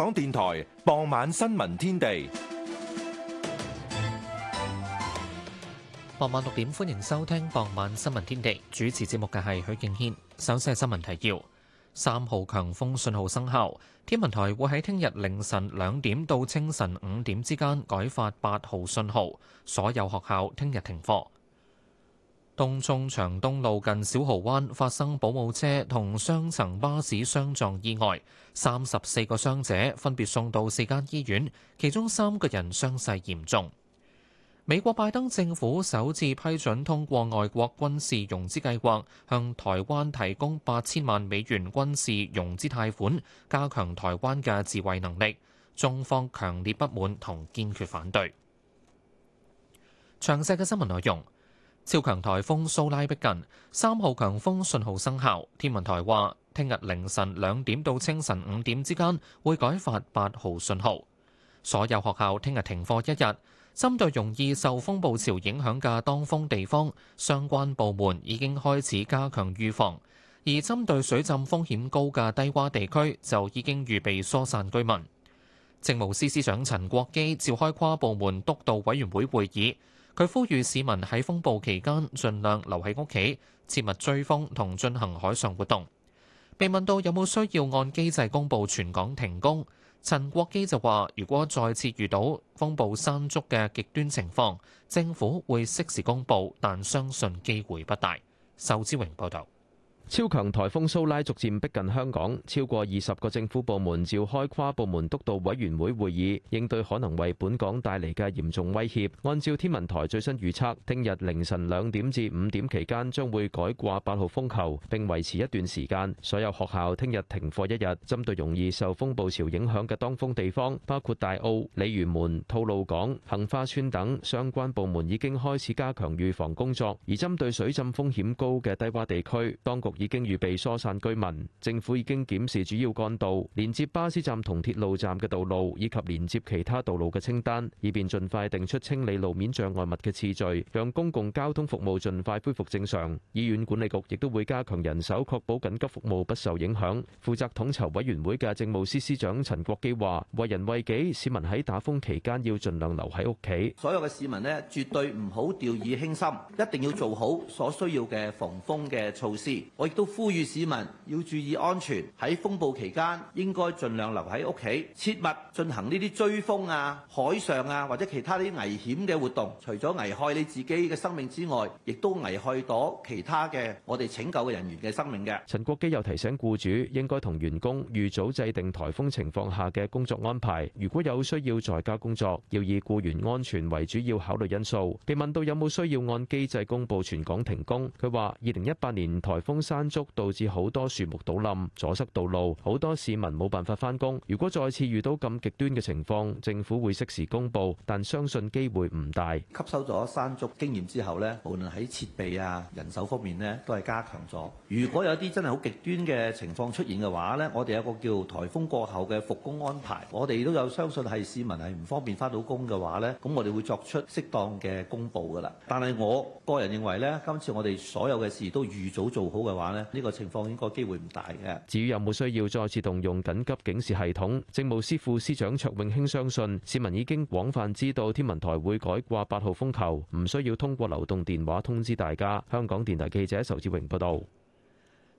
港電台傍晚新聞天地，傍晚六點，歡迎收聽傍晚新聞天地。主持節目嘅係許敬軒，首先係新聞提要。三號強風信號生效，天文台會喺聽日凌晨兩點到清晨五點之間改發八號信號，所有學校聽日停課。東涌長東路近小蠔灣發生保姆車同雙層巴士相撞意外，三十四個傷者分別送到四間醫院，其中三個人傷勢嚴重。美國拜登政府首次批准通過外國軍事融資計劃，向台灣提供八千萬美元軍事融資貸款，加強台灣嘅自衛能力。中方強烈不滿同堅決反對。詳細嘅新聞內容。超強台風蘇拉逼近，三號強風信號生效。天文台話，聽日凌晨兩點到清晨五點之間會改發八號信號。所有學校聽日停課一日。針對容易受風暴潮影響嘅當風地方，相關部門已經開始加強預防。而針對水浸風險高嘅低窪地區，就已經預備疏散居民。政務司司長陳國基召開跨部門督導委員會會議。佢呼籲市民喺風暴期間盡量留喺屋企，切勿追風同進行海上活動。被問到有冇需要按機制公佈全港停工，陳國基就話：如果再次遇到風暴山竹嘅極端情況，政府會適時公佈，但相信機會不大。仇之榮報道。超強颱風蘇拉逐漸逼近，近香港，超過二十個政府部門召開跨部門督導委員會會議，應對可能為本港帶嚟嘅嚴重威脅。按照天文台最新預測，聽日凌晨兩點至五點期間將會改掛八號風球，並維持一段時間。所有學校聽日停課一日。針對容易受風暴潮影響嘅當風地方，包括大澳、鯉魚門、吐露港、杏花邨等，相關部門已經開始加強預防工作。而針對水浸風險高嘅低窪地區，當局。已經預備疏散居民，政府已經檢視主要幹道、連接巴士站同鐵路站嘅道路以及連接其他道路嘅清單，以便盡快定出清理路面障礙物嘅次序，讓公共交通服務盡快恢復正常。醫院管理局亦都會加強人手，確保緊急服務不受影響。負責統籌委員會嘅政務司司長陳國基話：為人為己，市民喺打風期間要盡量留喺屋企。所有嘅市民呢，絕對唔好掉以輕心，一定要做好所需要嘅防風嘅措施。我。都呼籲市民要注意安全，喺風暴期間應該盡量留喺屋企，切勿進行呢啲追風啊、海上啊或者其他啲危險嘅活動，除咗危害你自己嘅生命之外，亦都危害到其他嘅我哋拯救嘅人員嘅生命嘅。陳國基又提醒僱主應該同員工預早制定颱風情況下嘅工作安排，如果有需要在家工作，要以僱員安全為主要考慮因素。被問到有冇需要按機制公布全港停工，佢話，二零一八年颱風三山竹導致好多樹木倒冧，阻塞道路，好多市民冇辦法翻工。如果再次遇到咁極端嘅情況，政府會適時公佈，但相信機會唔大。吸收咗山竹經驗之後呢，無論喺設備啊、人手方面呢，都係加強咗。如果有啲真係好極端嘅情況出現嘅話呢，我哋有個叫颱風過後嘅復工安排，我哋都有相信係市民係唔方便翻到工嘅話呢，咁我哋會作出適當嘅公佈㗎喇。但係我個人認為呢，今次我哋所有嘅事都預早做好嘅話。呢個情況應該機會唔大嘅。至於有冇需要再次動用緊急警示系統，政務司副司長卓永興相信市民已經廣泛知道天文台會改掛八號風球，唔需要通過流動電話通知大家。香港電台記者仇志榮報道，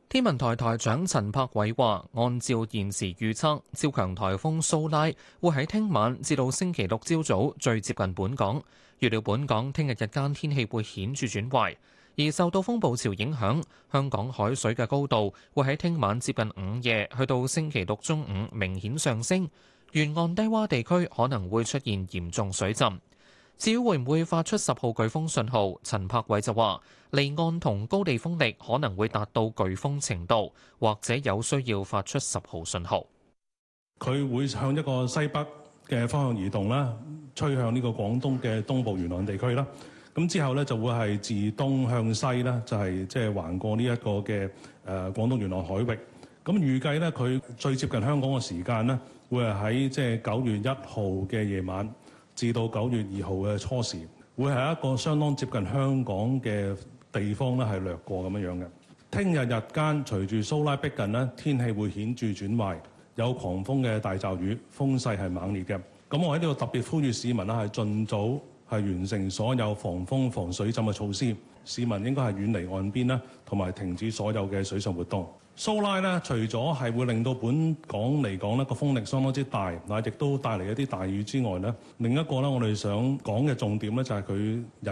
天文台台長陳柏偉話，按照現時預測，超強颱風蘇拉會喺聽晚至到星期六朝早最接近本港，預料本港聽日日間天氣會顯著轉壞。而受到風暴潮影響，香港海水嘅高度會喺聽晚接近午夜去到星期六中午明顯上升，沿岸低洼地區可能會出現嚴重水浸。至於會唔會發出十號颶風信號，陳柏偉就話：離岸同高地風力可能會達到颶風程度，或者有需要發出十號信號。佢會向一個西北嘅方向移動啦，吹向呢個廣東嘅東部沿岸地區啦。咁之後咧就會係自東向西啦，就係即係橫過呢一個嘅誒廣東沿岸海域。咁預計咧佢最接近香港嘅時間咧，會係喺即係九月一號嘅夜晚至到九月二號嘅初時，會係一個相當接近香港嘅地方咧，係掠過咁樣樣嘅。聽日日間隨住蘇拉逼近咧，天氣會顯著轉壞，有狂風嘅大驟雨，風勢係猛烈嘅。咁我喺呢度特別呼籲市民啦，係盡早。係完成所有防風防水浸嘅措施，市民應該係遠離岸邊啦，同埋停止所有嘅水上活動。蘇拉呢，除咗係會令到本港嚟講呢個風力相當之大，嗱亦都帶嚟一啲大雨之外呢，另一個呢，我哋想講嘅重點呢，就係佢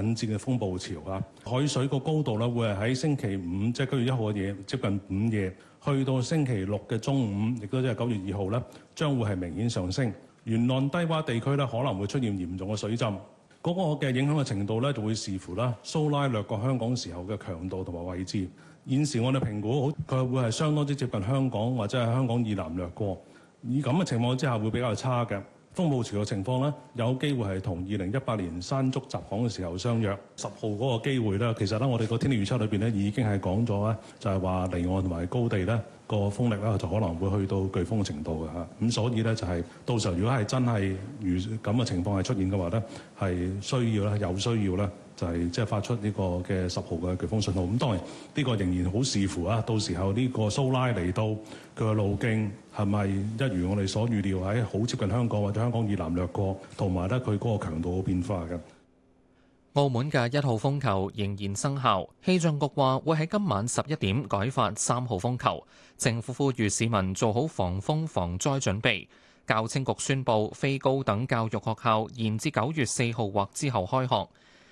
引致嘅風暴潮啊！海水個高度呢，會係喺星期五即係九月一號嘅夜接近午夜，去到星期六嘅中午，亦都即係九月二號呢，將會係明顯上升。沿岸低窪地區呢，可能會出現嚴重嘅水浸。嗰個嘅影響嘅程度呢，就會視乎啦，蘇拉掠過香港時候嘅強度同埋位置。現時我哋評估好，佢會係相當之接近香港或者係香港以南掠過。以咁嘅情況之下，會比較差嘅。風暴潮嘅情況咧，有機會係同二零一八年山竹襲港嘅時候相約，十號嗰個機會咧，其實咧我哋個天氣預測裏邊咧已經係講咗咧，就係話離岸同埋高地咧個風力咧就可能會去到颶風嘅程度嘅嚇，咁所以咧就係到時候如果係真係如咁嘅情況係出現嘅話咧，係需要咧有需要咧。就係即係發出呢個嘅十號嘅颶風信號，咁當然呢個仍然好視乎啊。到時候呢個蘇拉嚟到佢嘅路徑，係咪一如我哋所預料喺好接近香港或者香港以南掠過，同埋咧佢嗰個強度嘅變化嘅澳門嘅一號風球仍然生效。氣象局話會喺今晚十一點改發三號風球。政府呼籲市民做好防風防災準備，教青局宣布非高等教育學校延至九月四號或之後開學。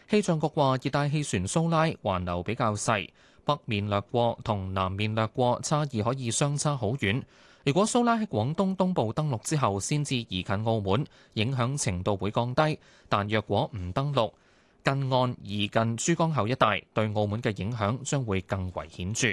氣象局話：熱帶氣旋蘇拉環流比較細，北面掠過同南面掠過差異可以相差好遠。如果蘇拉喺廣東東部登陸之後，先至移近澳門，影響程度會降低；但若果唔登陸，近岸移近珠江口一帶，對澳門嘅影響將會更為顯著。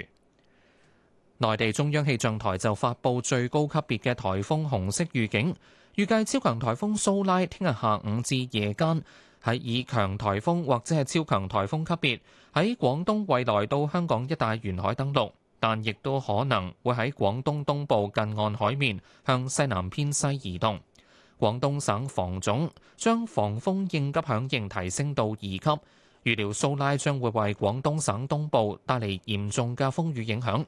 內地中央氣象台就發布最高級別嘅台風紅色預警，預計超強台風蘇拉聽日下午至夜間。喺以強颱風或者係超強颱風級別喺廣東未來到香港一帶沿海登陸，但亦都可能會喺廣東東部近岸海面向西南偏西移動。廣東省防總將防風應急響應提升到二級，預料蘇拉將會為廣東省東部帶嚟嚴重嘅風雨影響。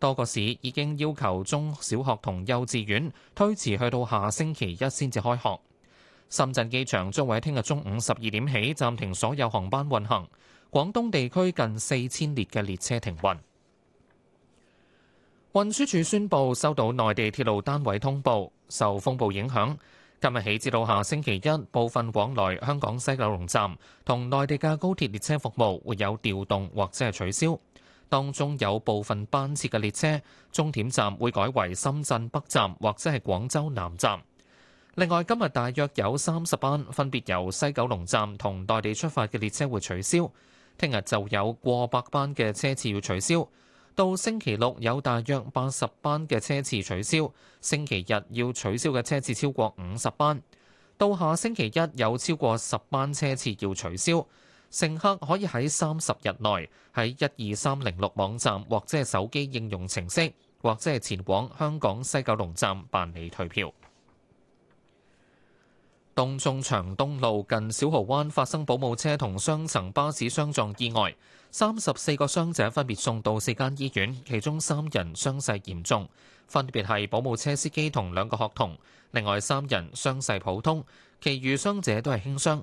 多個市已經要求中小學同幼稚園推遲去到下星期一先至開學。深圳機場將會喺聽日中午十二點起暫停所有航班運行，廣東地區近四千列嘅列車停運。運輸署宣布收到內地鐵路單位通報，受風暴影響，今日起至到下星期一，部分往來香港西九龍站同內地嘅高鐵列車服務會有調動或者係取消，當中有部分班次嘅列車終點站會改為深圳北站或者係廣州南站。另外，今日大約有三十班分別由西九龍站同內地出發嘅列車會取消。聽日就有過百班嘅車次要取消。到星期六有大約八十班嘅車次取消。星期日要取消嘅車次超過五十班。到下星期一有超過十班車次要取消。乘客可以喺三十日內喺一二三零六網站或者係手機應用程式，或者係前往香港西九龍站辦理退票。東涌長東路近小蠔灣發生保姆車同雙層巴士相撞意外，三十四個傷者分別送到四間醫院，其中三人傷勢嚴重，分別係保姆車司機同兩個學童；另外三人傷勢普通，其餘傷者都係輕傷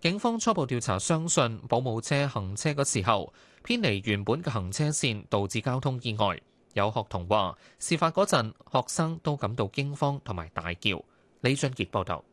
警方初步調查，相信保姆車行車嗰時候偏離原本嘅行車線，導致交通意外。有學童話，事發嗰陣學生都感到驚慌同埋大叫。李俊杰報道。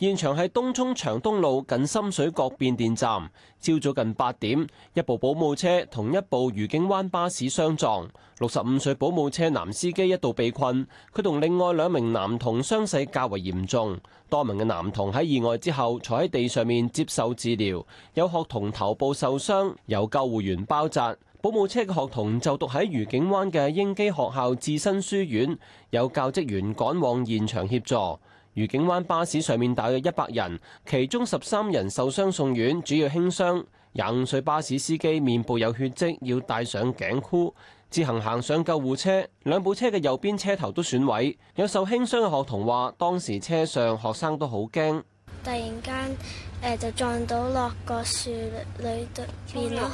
現場喺東涌長東路近深水角變電站。朝早近八點，一部保姆車同一部愉景灣巴士相撞。六十五歲保姆車男司機一度被困，佢同另外兩名男童傷勢較為嚴重。多名嘅男童喺意外之後坐喺地上面接受治療，有學童頭部受傷，有救護員包紮。保姆車嘅學童就讀喺愉景灣嘅英基學校智新書院，有教職員趕往現場協助。愉景灣巴士上面大約一百人，其中十三人受傷送院，主要輕傷。廿五歲巴士司機面部有血跡，要戴上頸箍自行行上救護車。兩部車嘅右邊車頭都損毀。有受輕傷嘅學童話：當時車上學生都好驚，突然間、呃、就撞到落個樹裏度邊咯，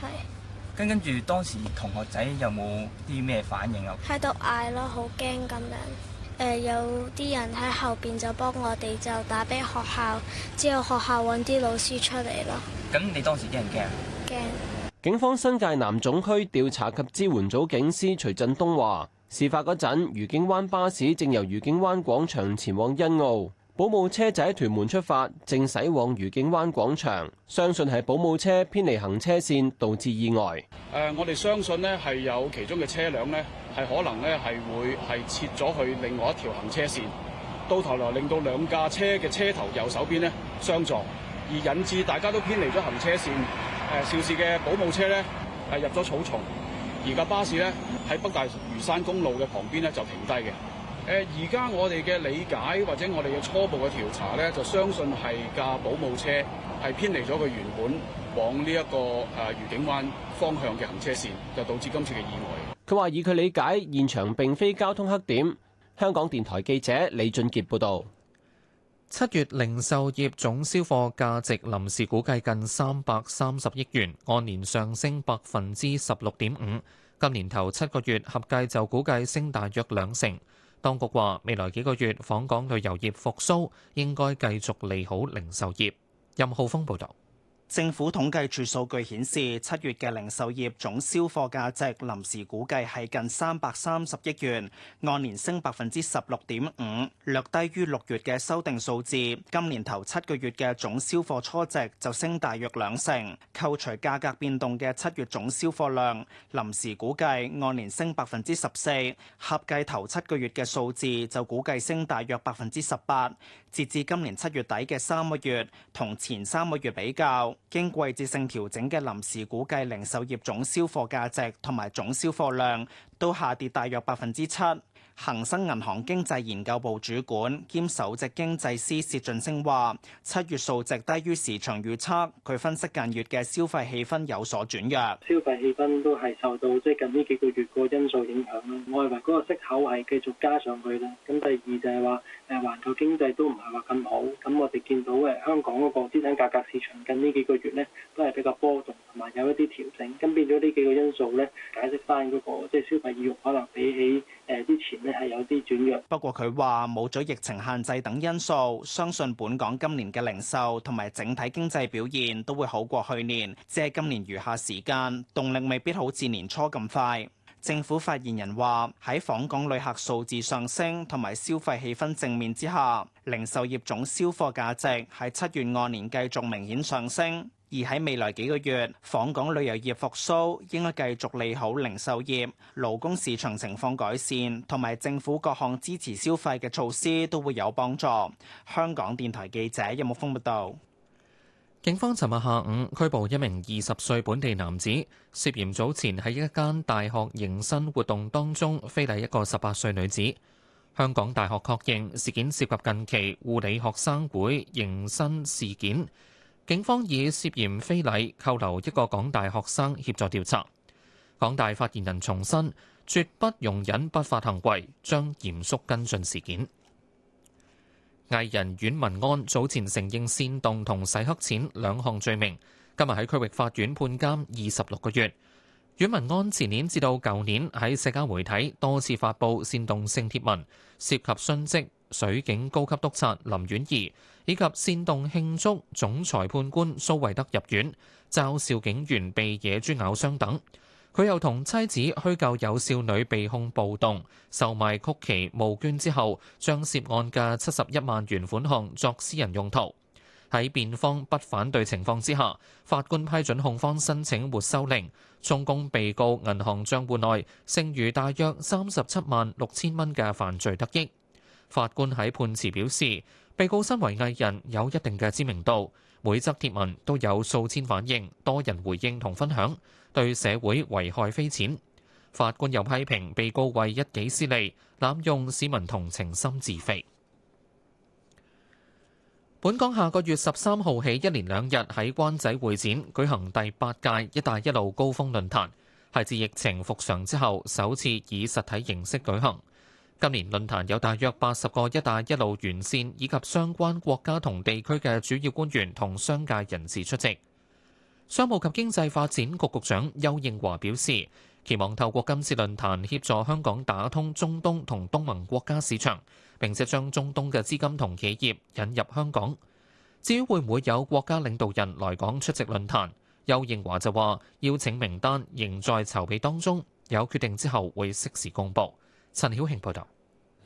呃、係跟住當時同學仔有冇啲咩反應啊？喺度嗌咯，好驚咁樣。誒，有啲人喺後邊就幫我哋就打俾學校，之後學校揾啲老師出嚟咯。咁你當時驚唔驚？驚怕。警方新界南總區調查及支援組警司徐振東話，事發嗰陣，愉景灣巴士正由愉景灣廣場前往欣澳，保姆車就喺屯門出發，正駛往愉景灣廣場。相信係保姆車偏離行車線導致意外。誒、呃，我哋相信呢係有其中嘅車輛呢。係可能咧，係會係切咗去另外一條行車線，到頭來令到兩架車嘅車頭右手邊咧相撞，而引致大家都偏離咗行車線。誒、呃、肇事嘅保姆車咧係入咗草叢，而架巴士咧喺北大嶼山公路嘅旁邊咧就停低嘅。誒而家我哋嘅理解或者我哋嘅初步嘅調查咧，就相信係架保姆車係偏離咗佢原本往呢、這、一個誒愉、呃、景灣方向嘅行車線，就導致今次嘅意外。佢話：以佢理解，現場並非交通黑點。香港電台記者李俊傑報導，七月零售業總銷貨價值臨時估計近三百三十億元，按年上升百分之十六點五。今年頭七個月合計就估計升大約兩成。當局話，未來幾個月訪港旅遊業復甦應該繼續利好零售業。任浩峰報導。政府統計處數據顯示，七月嘅零售業總銷貨價值臨時估計係近三百三十億元，按年升百分之十六點五，略低於六月嘅修訂數字。今年頭七個月嘅總銷貨初值就升大約兩成，扣除價格變動嘅七月總銷貨量臨時估計按年升百分之十四，合計頭七個月嘅數字就估計升大約百分之十八。截至今年七月底嘅三個月，同前三個月比較。經季節性調整嘅臨時估計零售業總銷貨價值同埋總銷貨量都下跌大約百分之七。恒生銀行經濟研究部主管兼首席經濟師薛俊升話：七月數值低於市場預測。佢分析近月嘅消費氣氛有所轉弱。消費氣氛都係受到即近呢幾,幾個月個因素影響啦。我以為嗰個息口係繼續加上去啦。咁第二就係話。誒，環球經濟都唔係話咁好，咁我哋見到嘅香港嗰個資產價格市場近呢幾個月咧，都係比較波動同埋有一啲調整，咁變咗呢幾個因素咧，解釋翻嗰個即係消費意欲可能比起誒之前咧係有啲轉弱。不過佢話冇咗疫情限制等因素，相信本港今年嘅零售同埋整體經濟表現都會好過去年，即係今年餘下時間動力未必好似年初咁快。政府發言人話喺訪港旅客數字上升同埋消費氣氛正面之下，零售業總銷貨價值喺七月按年繼續明顯上升。而喺未來幾個月，訪港旅遊業復蘇應該繼續利好零售業，勞工市場情況改善，同埋政府各項支持消費嘅措施都會有幫助。香港電台記者任木峰報道。警方尋日下午拘捕一名二十歲本地男子，涉嫌早前喺一間大學迎新活動當中非禮一個十八歲女子。香港大學確認事件涉及近期護理學生會迎新事件，警方以涉嫌非禮扣留一個港大學生協助調查。港大發言人重申，絕不容忍不法行為，將嚴肅跟進事件。藝人阮文安早前承認煽動同洗黑錢兩項罪名，今日喺區域法院判監二十六個月。阮文安前年至到舊年喺社交媒體多次發布煽動性貼文，涉及殉職水警高級督察林婉儀以及煽動慶祝總裁判官蘇惠德入院、嘲笑警員被野豬咬傷等。佢又同妻子虛構有少女被控暴動、售賣曲奇募捐之後，將涉案嘅七十一萬元款項作私人用途。喺辯方不反對情況之下，法官批准控方申請沒收令，充公被告銀行帳戶內剩餘大約三十七萬六千蚊嘅犯罪得益。法官喺判詞表示，被告身為藝人有一定嘅知名度，每則帖文都有數千反應，多人回應同分享。對社會危害非淺，法官又批評被告為一己私利，濫用市民同情心自肥。本港下個月十三號起一連兩日喺灣仔會展舉行第八屆「一帶一路」高峰論壇，係自疫情復常之後首次以實體形式舉行。今年論壇有大約八十個「一帶一路」沿線以及相關國家同地區嘅主要官員同商界人士出席。商務及經濟發展局局長丘應樺表示，期望透過今次論壇協助香港打通中東同東盟國家市場，並且將中東嘅資金同企業引入香港。至於會唔會有國家領導人來港出席論壇，丘應樺就話邀請名單仍在籌備當中，有決定之後會適時公佈。陳曉慶報道。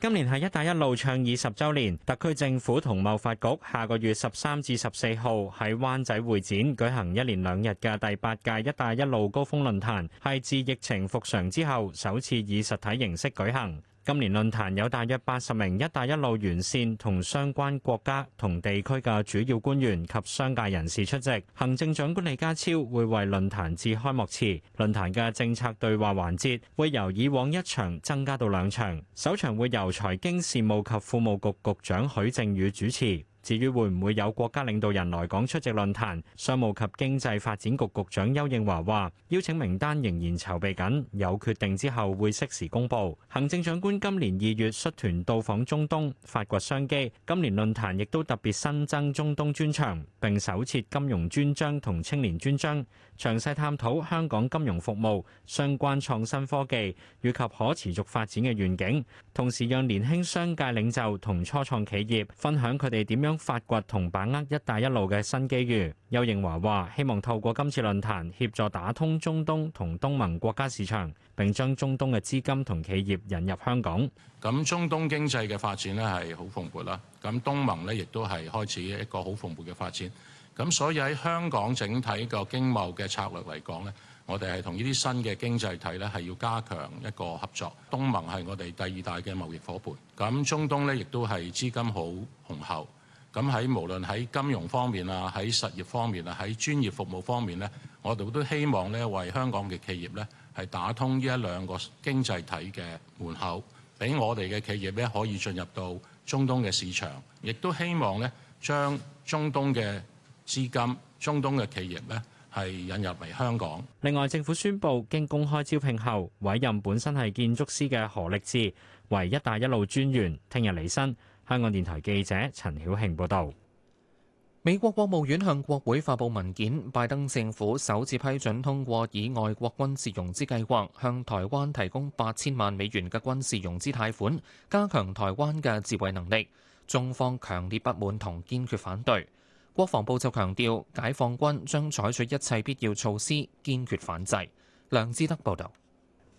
今年係「一帶一路」倡議十週年，特區政府同貿發局下個月十三至十四號喺灣仔會展舉行一連兩日嘅第八屆「一帶一路」高峰論壇，係自疫情復常之後首次以實體形式舉行。今年論壇有大約八十名「一帶一路」沿線同相關國家同地區嘅主要官員及商界人士出席。行政長官李家超會為論壇致開幕詞，論壇嘅政策對話環節會由以往一場增加到兩場，首場會由財經事務及庫務局局長許正宇主持。至於會唔會有國家領導人來港出席論壇？商務及經濟發展局局長丘應樺話：邀請名單仍然籌備緊，有決定之後會適時公佈。行政長官今年二月率團到訪中東，發掘商機。今年論壇亦都特別新增中東專場，並首設金融專章同青年專章，詳細探討香港金融服務、相關創新科技以及可持續發展嘅願景，同時讓年輕商界領袖同初創企業分享佢哋點樣發掘同把握“一帶一路”嘅新機遇，邱應華話，希望透過今次論壇，協助打通中東同東盟國家市場，並將中東嘅資金同企業引入香港。咁中東經濟嘅發展呢係好蓬勃啦，咁東盟呢亦都係開始一個好蓬勃嘅發展。咁所以喺香港整體個經貿嘅策略嚟講呢，我哋係同呢啲新嘅經濟體呢係要加強一個合作。東盟係我哋第二大嘅貿易伙伴，咁中東呢亦都係資金好雄厚。咁喺無論喺金融方面啊，喺實業方面啊，喺專業服務方面咧，我哋都希望咧，為香港嘅企業咧，係打通呢一兩個經濟體嘅門口，俾我哋嘅企業咧，可以進入到中東嘅市場，亦都希望咧，將中東嘅資金、中東嘅企業咧，係引入嚟香港。另外，政府宣布經公開招聘後委任本身係建築師嘅何力志為「一帶一路」專員，聽日履新。香港電台記者陳曉慶報道，美國國務院向國會發布文件，拜登政府首次批准通過以外國軍事融資計劃向台灣提供八千萬美元嘅軍事融資貸款，加強台灣嘅自衛能力。中方強烈不滿同堅決反對，國防部就強調，解放軍將採取一切必要措施，堅決反制。梁志德報道。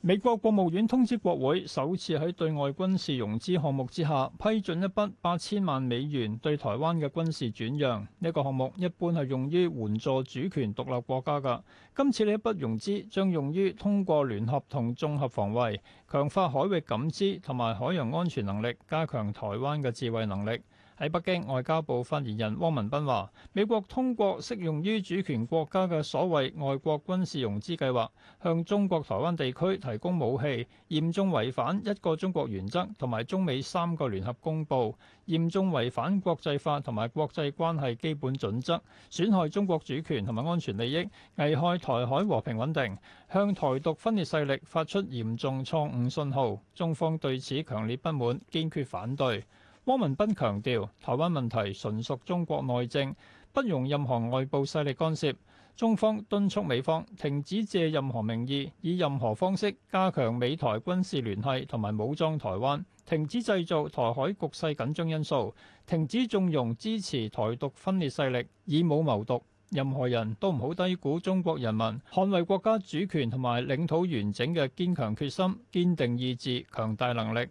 美國國務院通知國會，首次喺對外軍事融資項目之下批准一筆八千萬美元對台灣嘅軍事轉讓。呢個項目一般係用於援助主權獨立國家嘅。今次呢一筆融資將用於通過聯合同綜合防衛，強化海域感知同埋海洋安全能力，加強台灣嘅自衛能力。喺北京，外交部發言人汪文斌話，美國通過適用於主權國家嘅所謂外國軍事融資計劃，向中國台灣地區提供武器，嚴重違反一個中國原則同埋中美三個聯合公布，嚴重違反國際法同埋國際關係基本準則，損害中國主權同埋安全利益，危害台海和平穩定，向台獨分裂勢力發出嚴重錯誤信號，中方對此強烈不滿，堅決反對。汪文斌強調，台灣問題純屬中國內政，不容任何外部勢力干涉。中方敦促美方停止借任何名義，以任何方式加強美台軍事聯繫同埋武裝台灣，停止製造台海局勢緊張因素，停止縱容支持台獨分裂勢力，以武謀獨。任何人都唔好低估中國人民捍衛國家主權同埋領土完整嘅堅強決心、堅定意志、強大能力。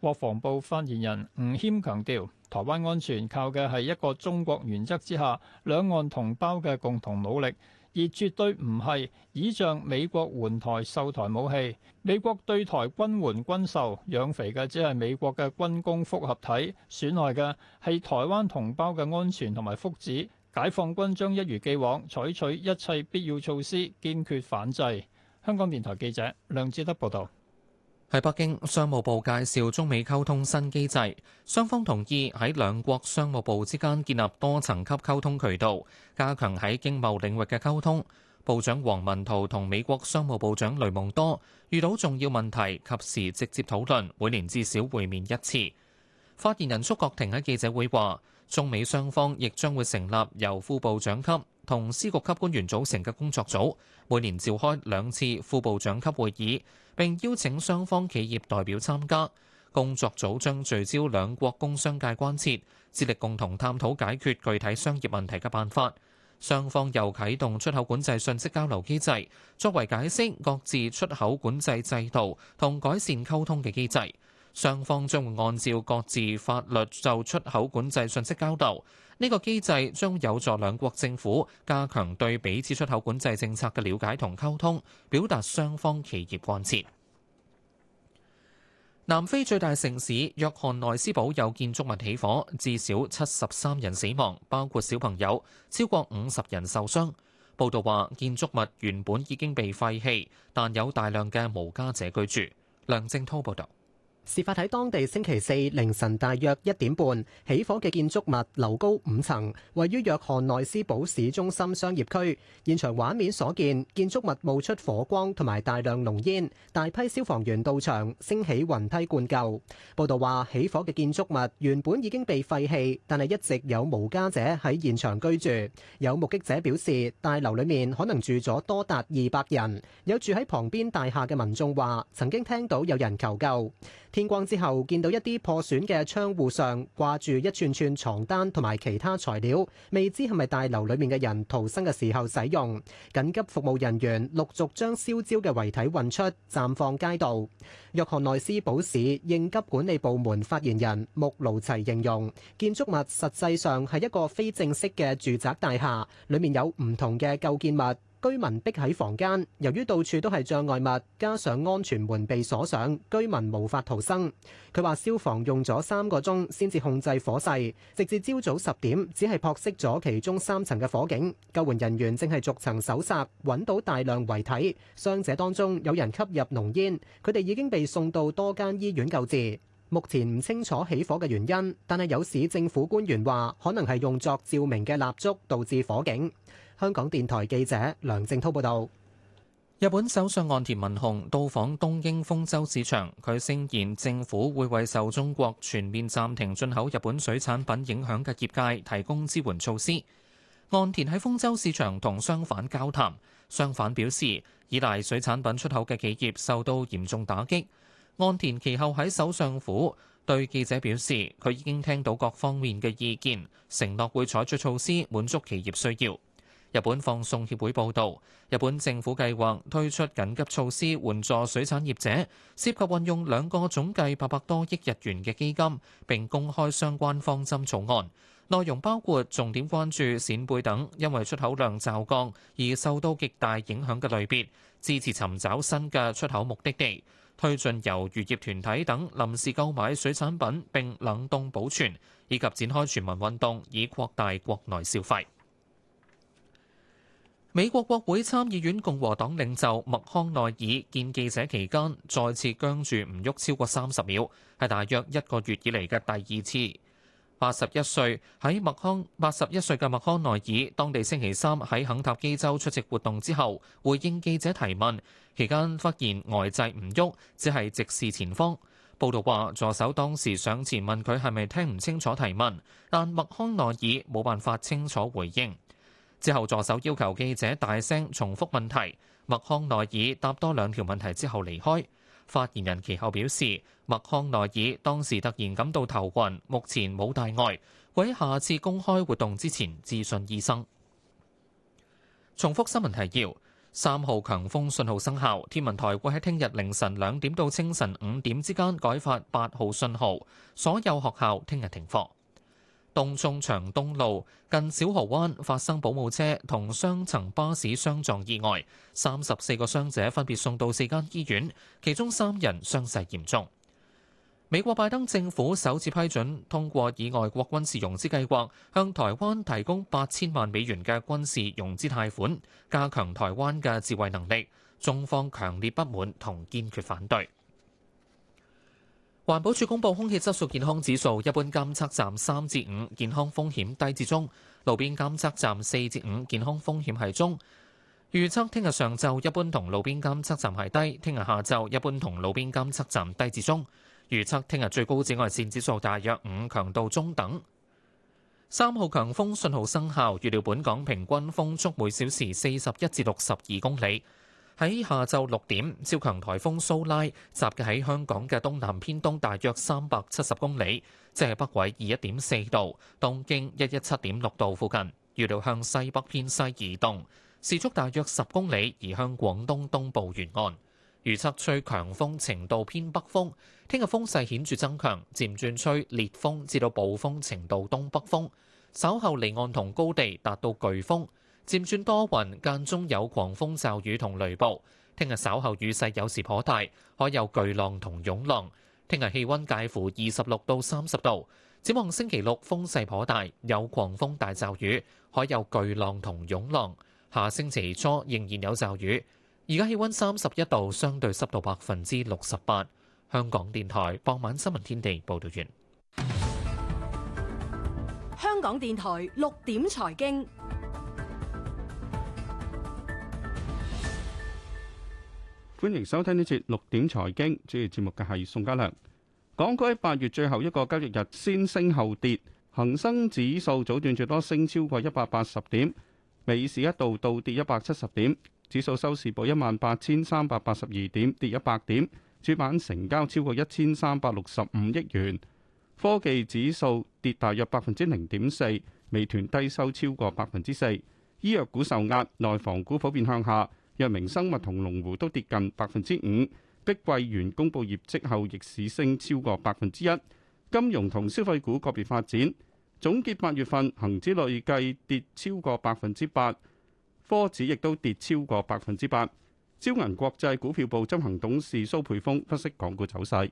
國防部發言人吳謙強調，台灣安全靠嘅係一個中國原則之下兩岸同胞嘅共同努力，而絕對唔係倚仗美國援台、售台武器。美國對台軍援、軍售，養肥嘅只係美國嘅軍工複合體，損害嘅係台灣同胞嘅安全同埋福祉。解放軍將一如既往採取一切必要措施，堅決反制。香港電台記者梁志德報道。喺北京，商務部介紹中美溝通新機制，雙方同意喺兩國商務部之間建立多層級溝通渠道，加強喺經貿領域嘅溝通。部長王文濤同美國商務部長雷蒙多遇到重要問題，及時直接討論，每年至少會面一次。發言人蘇國庭喺記者會話，中美雙方亦將會成立由副部長級。同司局級官員組成嘅工作組，每年召開兩次副部長級會議，並邀請雙方企業代表參加。工作組將聚焦兩國工商界關切，致力共同探討解決具體商業問題嘅辦法。雙方又啟動出口管制信息交流機制，作為解釋各自出口管制制度同改善溝通嘅機制。雙方將會按照各自法律就出口管制信息交流。呢個機制將有助兩國政府加強對彼此出口管制政策嘅了解同溝通，表達雙方企業關切。南非最大城市約翰內斯堡有建築物起火，至少七十三人死亡，包括小朋友，超過五十人受傷。報道話，建築物原本已經被廢棄，但有大量嘅無家者居住。梁正滔報導。事發喺當地星期四凌晨大約一點半，起火嘅建築物樓高五層，位於約翰內斯堡市中心商業區。現場畫面所見，建築物冒出火光同埋大量濃煙，大批消防員到場，升起雲梯灌救。報道話，起火嘅建築物原本已經被廢棄，但係一直有無家者喺現場居住。有目擊者表示，大樓裏面可能住咗多達二百人。有住喺旁邊大廈嘅民眾話曾經聽到有人求救。天光之後，見到一啲破損嘅窗戶上掛住一串串床單同埋其他材料，未知係咪大樓裡面嘅人逃生嘅時候使用。緊急服務人員陸續將燒焦嘅遺體運出，暫放街道。約翰內斯堡市應急管理部門發言人穆勞齊形容，建築物實際上係一個非正式嘅住宅大廈，裡面有唔同嘅構建物。居民逼喺房間，由於到處都係障礙物，加上安全門被鎖上，居民無法逃生。佢話消防用咗三個鐘先至控制火勢，直至朝早十點，只係撲熄咗其中三層嘅火警。救援人員正係逐層搜索，揾到大量遺體，傷者當中有人吸入濃煙，佢哋已經被送到多間醫院救治。目前唔清楚起火嘅原因，但係有市政府官員話，可能係用作照明嘅蠟燭導致火警。香港電台記者梁政濤報道。日本放送協會報道，日本政府計劃推出緊急措施援助水產業者，涉及運用兩個總計八百多億日元嘅基金，並公開相關方針草案。內容包括重點關注扇貝等因為出口量驟降而受到極大影響嘅類別，支持尋找新嘅出口目的地，推進由漁業團體等臨時購買水產品並冷凍保存，以及展開全民運動以擴大國內消費。美國國會參議院共和黨領袖麥康奈爾見記者期間，再次僵住唔喐超過三十秒，係大約一個月以嚟嘅第二次。八十一歲喺麥康八十一歲嘅麥康奈爾，當地星期三喺肯塔基州出席活動之後，回應記者提問期間，發現呆滯唔喐，只係直視前方。報道話，助手當時上前問佢係咪聽唔清楚提問，但麥康奈爾冇辦法清楚回應。之後助手要求記者大聲重複問題，麥康奈爾答多兩條問題之後離開。發言人其後表示，麥康奈爾當時突然感到頭暈，目前冇大礙，礙，會喺下次公開活動之前諮詢醫生。重複新聞提要：三號強風信號生效，天文台會喺聽日凌晨兩點到清晨五點之間改發八號信號，所有學校聽日停課。東中長東路近小蠔灣發生保姆車同雙層巴士相撞意外，三十四個傷者分別送到四間醫院，其中三人傷勢嚴重。美國拜登政府首次批准通過以外國軍事融資計劃向台灣提供八千萬美元嘅軍事融資貸款，加強台灣嘅自衛能力。中方強烈不滿同堅決反對。環保署公布空氣質素健康指數，一般監測站三至五，健康風險低至中；路邊監測站四至五，健康風險係中。預測聽日上晝一般同路邊監測站係低，聽日下晝一般同路邊監測站低至中。預測聽日最高紫外線指數大約五，強度中等。三號強風信號生效，預料本港平均風速每小時四十一至六十二公里。喺下晝六點，超強颱風蘇拉集結喺香港嘅東南偏東大約三百七十公里，即係北緯二一點四度、東經一一七點六度附近，預料向西北偏西移動，時速大約十公里，移向廣東東部沿岸。預測吹強風程度偏北風，聽日風勢顯著增強，漸轉吹烈風至到暴風程度東北風，稍後離岸同高地達到颶風。漸轉多雲，間中有狂風驟雨同雷暴。聽日稍後雨勢有時頗大，海有巨浪同湧浪。聽日氣溫介乎二十六到三十度。展望星期六風勢頗大，有狂風大驟雨，海有巨浪同湧浪。下星期初仍然有驟雨。而家氣溫三十一度，相對濕度百分之六十八。香港電台傍晚新聞天地，報道完。香港電台六點財經。歡迎收聽呢節六點財經，主持節目嘅係宋家良。港區八月最後一個交易日先升後跌，恒生指數早段最多升超過一百八十點，尾市一度倒跌一百七十點，指數收市報一萬八千三百八十二點，跌一百點，主板成交超過一千三百六十五億元。科技指數跌大約百分之零點四，美團低收超過百分之四，醫藥股受壓，內房股普遍向下。藥明生物同龍湖都跌近百分之五，碧桂園公布業績後逆市升超過百分之一。金融同消費股個別發展。總結八月份恒指累計跌超過百分之八，科指亦都跌超過百分之八。招銀國際股票部執行董事蘇佩峰分析港股走勢。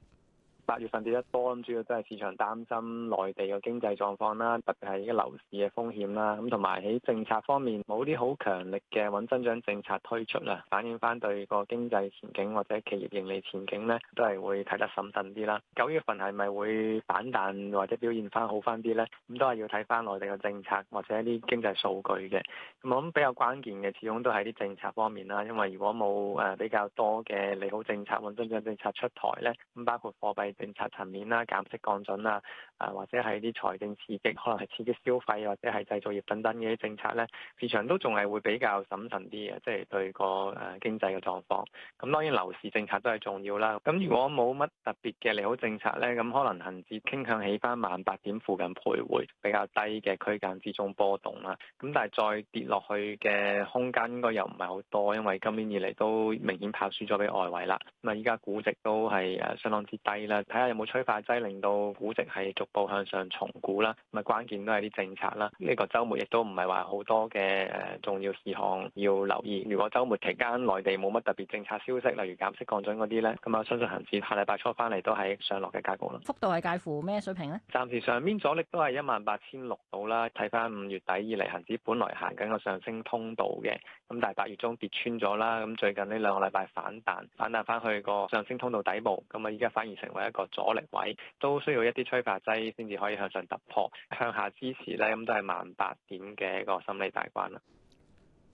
八月份跌得多，主要都係市場擔心內地嘅經濟狀況啦，特別係啲樓市嘅風險啦。咁同埋喺政策方面冇啲好強力嘅穩增長政策推出啊，反映翻對個經濟前景或者企業盈利前景咧，都係會睇得審慎啲啦。九月份係咪會反彈或者表現翻好翻啲咧？咁都係要睇翻內地嘅政策或者一啲經濟數據嘅。咁我諗比較關鍵嘅始終都係啲政策方面啦，因為如果冇誒比較多嘅利好政策穩增長政策出台咧，咁包括貨幣政策層面啦，減息降準啦。啊，或者係啲財政刺激，可能係刺激消費或者係製造業等等嘅啲政策咧，市場都仲係會比較審慎啲嘅，即係對個誒經濟嘅狀況。咁當然樓市政策都係重要啦。咁如果冇乜特別嘅利好政策咧，咁可能恆指傾向喺返萬八點附近徘徊，比較低嘅區間之中波動啦。咁但係再跌落去嘅空間應該又唔係好多，因為今年以嚟都明顯跑輸咗畀外圍啦。咁啊，依家估值都係誒相當之低啦，睇下有冇催化劑令到估值係逐步向上重估啦，咁啊關鍵都係啲政策啦。呢個週末亦都唔係話好多嘅誒重要事項要留意。如果週末期間內地冇乜特別政策消息，例如減息降準嗰啲咧，咁啊相信恆指下禮拜初翻嚟都係上落嘅格局咯。幅度係介乎咩水平咧？暫時上面阻力都係一萬八千六度啦。睇翻五月底以嚟恆指本來行緊個上升通道嘅，咁但係八月中跌穿咗啦。咁最近呢兩個禮拜反彈，反彈翻去個上升通道底部，咁啊依家反而成為一個阻力位，都需要一啲催化劑，先至可以向上突破，向下支持咧，咁都係萬八點嘅一個心理大關啦。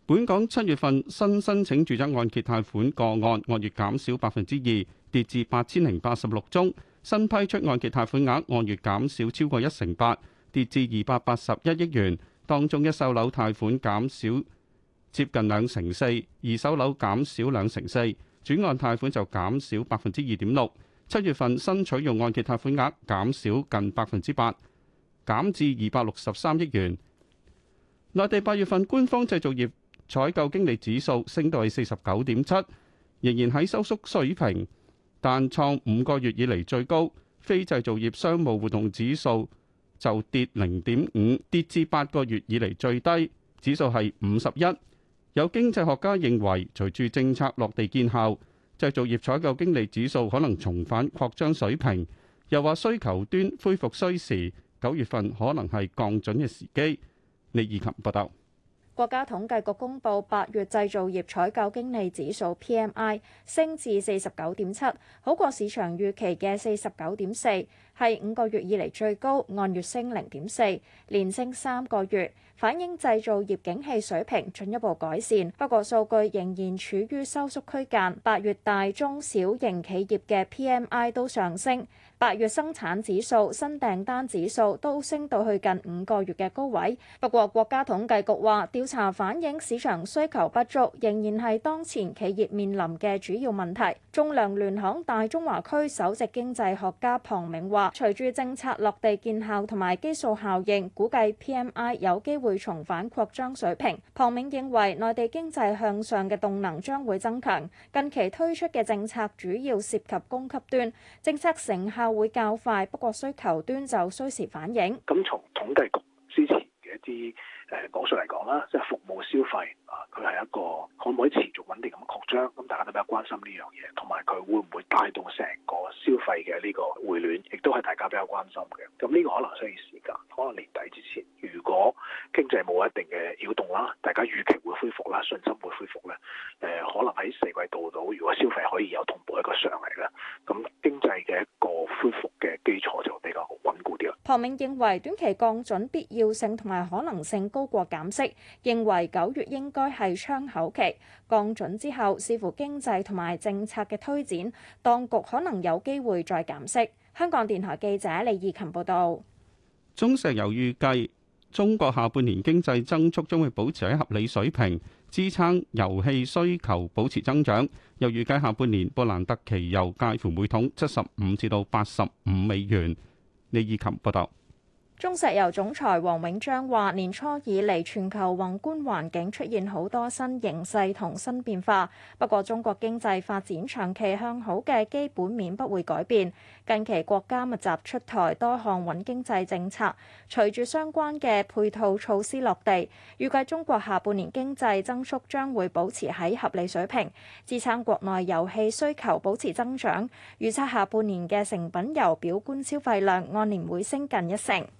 本港七月份新申請住宅按揭貸款個案按月減少百分之二，跌至八千零八十六宗；新批出按揭貸款額按月減少超過一成八，跌至二百八十一億元。當中一手樓貸款減少接近兩成四，二手樓減少兩成四，轉按貸款就減少百分之二點六。七月份新取用按揭貸款額減少近百分之八，減至二百六十三億元。內地八月份官方製造業採購經理指數升到係四十九點七，仍然喺收縮水平，但創五個月以嚟最高。非製造業商務活動指數就跌零點五，跌至八個月以嚟最低，指數係五十一。有經濟學家認為，隨住政策落地見效。製造業採購經理指數可能重返擴張水平，又話需求端恢復需時，九月份可能係降準嘅時機。李以琴報道。國家統計局公布八月製造業採購經理指數 P M I 升至四十九點七，好過市場預期嘅四十九點四，係五個月以嚟最高，按月升零點四，連升三個月，反映製造業景氣水平進一步改善。不過數據仍然處於收縮區間。八月大中小型企業嘅 P M I 都上升。八月生產指數、新訂單指數都升到去近五個月嘅高位。不過國家統計局話，調查反映市場需求不足，仍然係當前企業面臨嘅主要問題。仲量聯行大中華區首席經濟學家龐銘話，隨住政策落地見效同埋基數效應，估計 PMI 有機會重返擴張水平。龐銘認為，內地經濟向上嘅動能將會增強。近期推出嘅政策主要涉及供給端，政策成效會較快，不過需求端就需時反應。咁從統計局之前嘅一啲誒講述嚟講啦，即係服務消費啊，佢係一個可唔可以持續穩定咁擴張？咁大家都比較關心呢樣嘢，同埋佢會唔會帶動成個消費嘅呢個回暖，亦都係大家比較關心嘅。咁呢個可能需要時間，可能年底之前，如果經濟冇一定嘅擾動啦，大家預期會恢復啦，信心會恢復啦。誒，可能喺四季度度，如果消費可以有同步一個上嚟啦，咁經濟嘅一個恢復嘅基礎就比較穩固啲啦。彭銘認為短期降準必要性同埋可能性高過減息，認為九月應該係窗口期，降準之後視乎經濟同埋政策嘅推展，當局可能有機會再減息。香港電台記者李義琴報道。中石油預計，中國下半年經濟增速將會保持喺合理水平，支撐油氣需求保持增長。又預計下半年布蘭特期油介乎每桶七十五至到八十五美元。李以琴報道。中石油總裁王永章話年初以嚟，全球宏觀環境出現好多新形勢同新變化。不過中國經濟發展長期向好嘅基本面不會改變，近期國家密集出台多項穩經濟政策，隨住相關嘅配套措施落地，預計中國下半年經濟增速將會保持喺合理水平，支撐國內油氣需求保持增長，預測下半年嘅成品油表觀消費量按年會升近一成。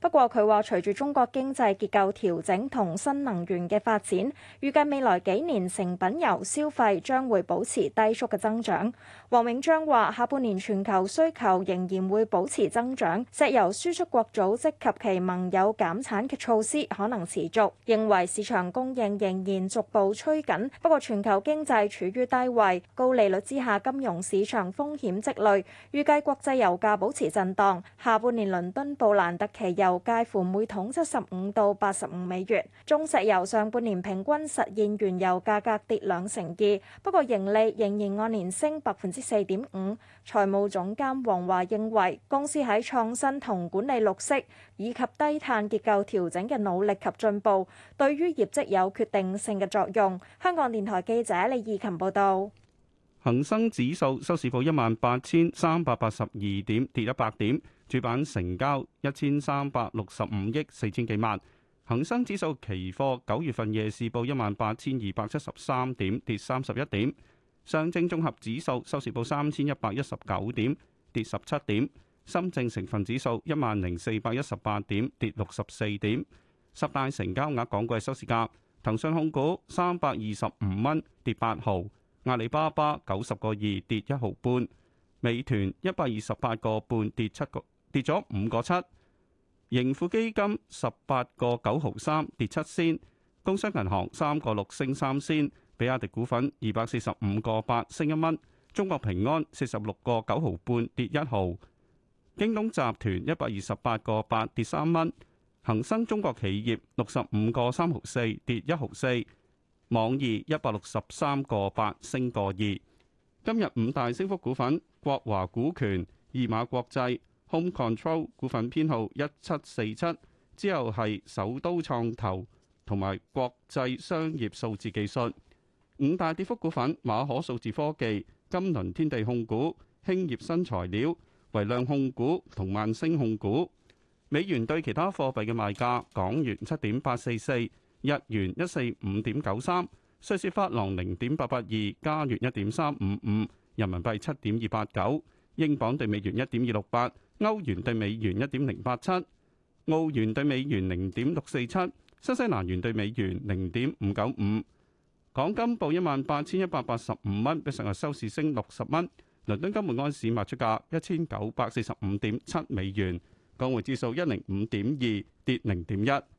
不過佢話，隨住中國經濟結構調整同新能源嘅發展，預計未來幾年成品油消費將會保持低速嘅增長。王永章話：下半年全球需求仍然會保持增長，石油輸出國組織及其盟友減產嘅措施可能持續。認為市場供應仍然逐步趨緊，不過全球經濟處於低位，高利率之下金融市場風險積累，預計國際油價保持震盪。下半年倫敦布蘭特期油介乎每桶七十五到八十五美元。中石油上半年平均實現原油價格跌兩成二，不過盈利仍然按年升百分之四點五。財務總監黃華認為，公司喺創新同管理綠色以及低碳結構調整嘅努力及進步，對於業績有決定性嘅作用。香港電台記者李義琴報道。恒生指數收市報一萬八千三百八十二點，跌一百點。主板成交一千三百六十五億四千幾萬。恒生指數期貨九月份夜市報一萬八千二百七十三點，跌三十一點。上證綜合指數收市報三千一百一十九點，跌十七點。深證成分指數一萬零四百一十八點，跌六十四點。十大成交額港股收市價，騰訊控股三百二十五蚊，跌八毫。阿里巴巴九十個二跌一毫半，美團一百二十八個半跌七個跌咗五個七，盈富基金十八個九毫三跌七仙，工商銀行三個六升三仙，比亞迪股份二百四十五個八升一蚊，中國平安四十六個九毫半跌一毫，京東集團一百二十八個八跌三蚊，恒生中國企業六十五個三毫四跌一毫四。網易一百六十三個八升個二。今日五大升幅股份：國華股權、二馬國際、Home Control 股份編號一七四七。之後係首都創投同埋國際商業數字技術。五大跌幅股份：馬可數字科技、金輪天地控股、興業新材料、維量控股同萬升控股。美元對其他貨幣嘅賣價：港元七點八四四。日元一四五點九三，瑞士法郎零點八八二，加元一點三五五，人民幣七點二八九，英鎊對美元一點二六八，歐元對美元一點零八七，澳元對美元零點六四七，新西蘭元對美元零點五九五。港金報一萬八千一百八十五蚊，比上日收市升六十蚊。倫敦金每安士賣出價一千九百四十五點七美元，港匯指數一零五點二，跌零點一。